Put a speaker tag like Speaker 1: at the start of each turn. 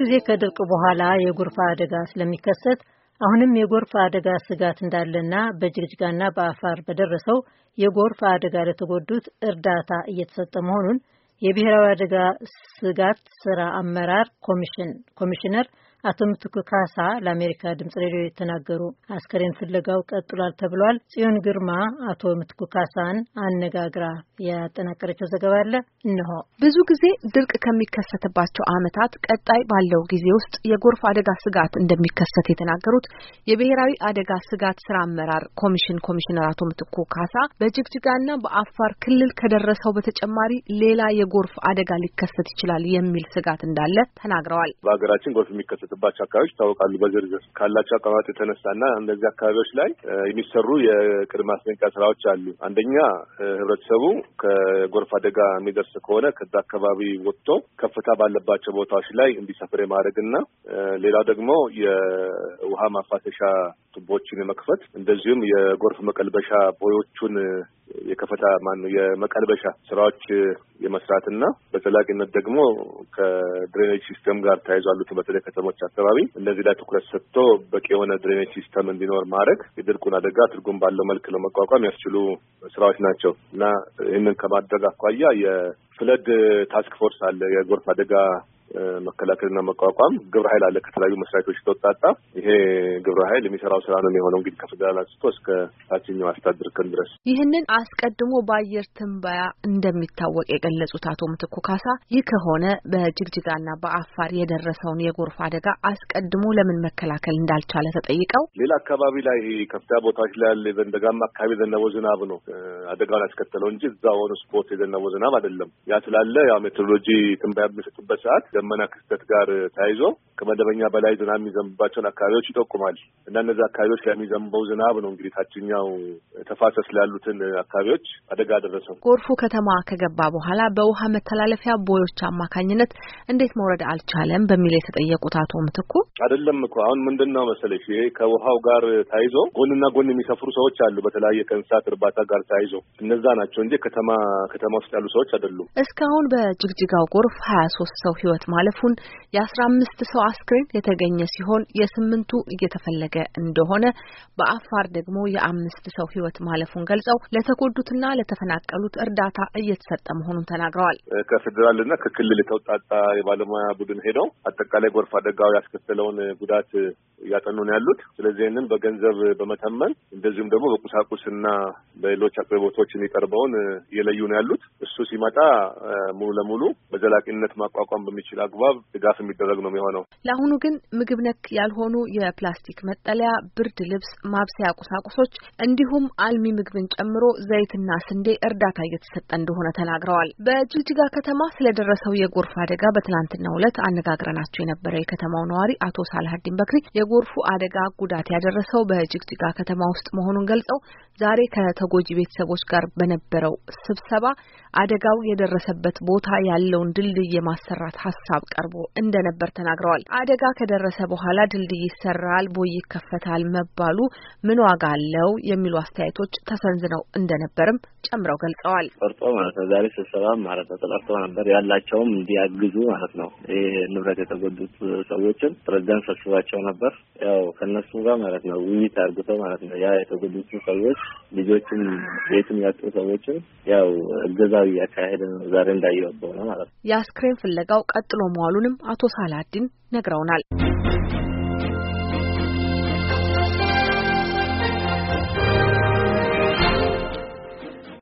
Speaker 1: ጊዜ ከድርቅ በኋላ የጎርፍ አደጋ ስለሚከሰት አሁንም የጎርፍ አደጋ ስጋት እንዳለና በጅግጅጋና በአፋር በደረሰው የጎርፍ አደጋ ለተጎዱት እርዳታ እየተሰጠ መሆኑን የብሔራዊ አደጋ ስጋት ስራ አመራር ኮሚሽን ኮሚሽነር አቶ ምትኩ ካሳ ለአሜሪካ ድምጽ ሬዲዮ የተናገሩ። አስከሬን ፍለጋው ቀጥሏል ተብሏል። ጽዮን ግርማ አቶ ምትኩ ካሳን አነጋግራ ያጠናቀረችው ዘገባ አለ እነሆ። ብዙ ጊዜ ድርቅ ከሚከሰትባቸው ዓመታት ቀጣይ ባለው ጊዜ ውስጥ የጎርፍ አደጋ ስጋት እንደሚከሰት የተናገሩት የብሔራዊ አደጋ ስጋት ስራ አመራር ኮሚሽን ኮሚሽነር አቶ ምትኩ ካሳ በጅግጅጋና በአፋር ክልል ከደረሰው በተጨማሪ ሌላ የጎርፍ አደጋ ሊከሰት ይችላል የሚል ስጋት እንዳለ ተናግረዋል።
Speaker 2: በሀገራችን ጎርፍ የሚከሰት የሚደርስባቸው አካባቢዎች ይታወቃሉ በዝርዝር ካላቸው አቀማመጥ የተነሳና እነዚህ አካባቢዎች ላይ የሚሰሩ የቅድመ ማስጠንቀቂያ ስራዎች አሉ። አንደኛ ህብረተሰቡ ከጎርፍ አደጋ የሚደርስ ከሆነ ከዛ አካባቢ ወጥቶ ከፍታ ባለባቸው ቦታዎች ላይ እንዲሰፍር የማድረግና ሌላ ደግሞ የውሃ ማፋሰሻ ቱቦችን የመክፈት እንደዚሁም የጎርፍ መቀልበሻ ቦዮቹን የከፈታ ማነው የመቀልበሻ ስራዎች የመስራትና በዘላቂነት ደግሞ ከድሬኔጅ ሲስተም ጋር ተያይዞ ያሉትን በተለይ ከተሞች አካባቢ እነዚህ ላይ ትኩረት ሰጥቶ በቂ የሆነ ድሬኔጅ ሲስተም እንዲኖር ማድረግ የድርቁን አደጋ ትርጉም ባለው መልክ ለመቋቋም ያስችሉ ስራዎች ናቸው እና ይህንን ከማድረግ አኳያ የፍለድ ታስክ ፎርስ አለ የጎርፍ አደጋ መከላከልና መቋቋም ግብረ ኃይል አለ ከተለያዩ መስሪያ ቤቶች ተወጣጣ። ይሄ ግብረ ኃይል የሚሰራው ስራ ነው የሆነው እንግዲህ ከፌዴራል አንስቶ እስከ ታችኛው አስተዳደር ክን ድረስ።
Speaker 1: ይህንን አስቀድሞ በአየር ትንበያ እንደሚታወቅ የገለጹት አቶ ምትኩ ካሳ ይህ ከሆነ በጅግጅጋና በአፋር የደረሰውን የጎርፍ አደጋ አስቀድሞ ለምን መከላከል እንዳልቻለ ተጠይቀው
Speaker 2: ሌላ አካባቢ ላይ ከፍታ ቦታዎች ላይ ያለ በንደጋማ አካባቢ የዘነበው ዝናብ ነው አደጋውን ያስከተለው እንጂ እዛ ሆኑ ስፖርት የዘነበው ዝናብ አይደለም። ያ ስላለ ያው ሜትሮሎጂ ትንበያ በሚሰጡበት ሰዓት ደመና ክስተት ጋር ተያይዞ ከመደበኛ በላይ ዝናብ የሚዘንብባቸውን አካባቢዎች ይጠቁማል እና እነዚህ አካባቢዎች ላይ ዝናብ ነው እንግዲህ ታችኛው ተፋሰስ ላሉትን አካባቢዎች አደጋ ደረሰው።
Speaker 1: ጎርፉ ከተማ ከገባ በኋላ በውሃ መተላለፊያ ቦዮች አማካኝነት እንዴት መውረድ አልቻለም በሚል የተጠየቁት አቶ ምትኩ
Speaker 2: አይደለም እኮ አሁን ምንድን ነው መሰለሽ ይሄ ከውሃው ጋር ተያይዞ ጎንና ጎን የሚሰፍሩ ሰዎች አሉ። በተለያየ ከእንስሳት እርባታ ጋር ተያይዞ እነዛ ናቸው እንጂ ከተማ ከተማ ውስጥ ያሉ ሰዎች አይደሉም።
Speaker 1: እስካሁን በጅግጅጋው ጎርፍ ሀያ ሶስት ሰው ህይወት ህይወት ማለፉን የአስራ አምስት ሰው አስክሬን የተገኘ ሲሆን የስምንቱ እየተፈለገ እንደሆነ በአፋር ደግሞ የአምስት ሰው ህይወት ማለፉን ገልጸው ለተጎዱትና ለተፈናቀሉት እርዳታ እየተሰጠ መሆኑን ተናግረዋል።
Speaker 2: ከፌዴራልና ከክልል የተውጣጣ የባለሙያ ቡድን ሄደው አጠቃላይ ጎርፍ አደጋው ያስከተለውን ጉዳት እያጠኑ ነው ያሉት። ስለዚህ ይህንን በገንዘብ በመተመን እንደዚሁም ደግሞ በቁሳቁስና በሌሎች አቅርቦቶች የሚቀርበውን እየለዩ ነው ያሉት። እሱ ሲመጣ ሙሉ ለሙሉ በዘላቂነት ማቋቋም በሚችል በሚችል አግባብ ድጋፍ የሚደረግ ነው የሚሆነው።
Speaker 1: ለአሁኑ ግን ምግብ ነክ ያልሆኑ የፕላስቲክ መጠለያ፣ ብርድ ልብስ፣ ማብሰያ ቁሳቁሶች እንዲሁም አልሚ ምግብን ጨምሮ ዘይትና ስንዴ እርዳታ እየተሰጠ እንደሆነ ተናግረዋል። በጅግጅጋ ከተማ ስለደረሰው የጎርፍ አደጋ በትናንትናው ዕለት አነጋግረናቸው የነበረ የከተማው ነዋሪ አቶ ሳልሀዲን በክሪ የጎርፉ አደጋ ጉዳት ያደረሰው በጅግጅጋ ከተማ ውስጥ መሆኑን ገልጸው ዛሬ ከተጎጂ ቤተሰቦች ጋር በነበረው ስብሰባ አደጋው የደረሰበት ቦታ ያለውን ድልድይ የማሰራት ሀሳብ ሀሳብ ቀርቦ እንደነበር ተናግረዋል። አደጋ ከደረሰ በኋላ ድልድይ ይሰራል፣ ቦይ ይከፈታል መባሉ ምን ዋጋ አለው የሚሉ አስተያየቶች ተሰንዝነው እንደነበርም
Speaker 2: ጨምረው ገልጸዋል። ቆርጦ ማለት ነው ዛሬ ስብሰባ ማለት ነው ተጠርቶ ነበር ያላቸውም እንዲያግዙ ማለት ነው ይህ ንብረት የተጎዱት ሰዎችን ፕሬዚዳንት ሰብስባቸው ነበር። ያው ከነሱ ጋር ማለት ነው ውይይት አርግተው ማለት ነው ያ የተጎዱት ሰዎች ልጆችም ቤትም ያጡ ሰዎችን ያው እገዛዊ እያካሄደ ነው ዛሬ እንዳየወበው ነው ማለት ነው።
Speaker 1: የአስክሬን ፍለጋው ቀጥ ቀጥሎ መዋሉንም አቶ ሳላዲን ነግረውናል።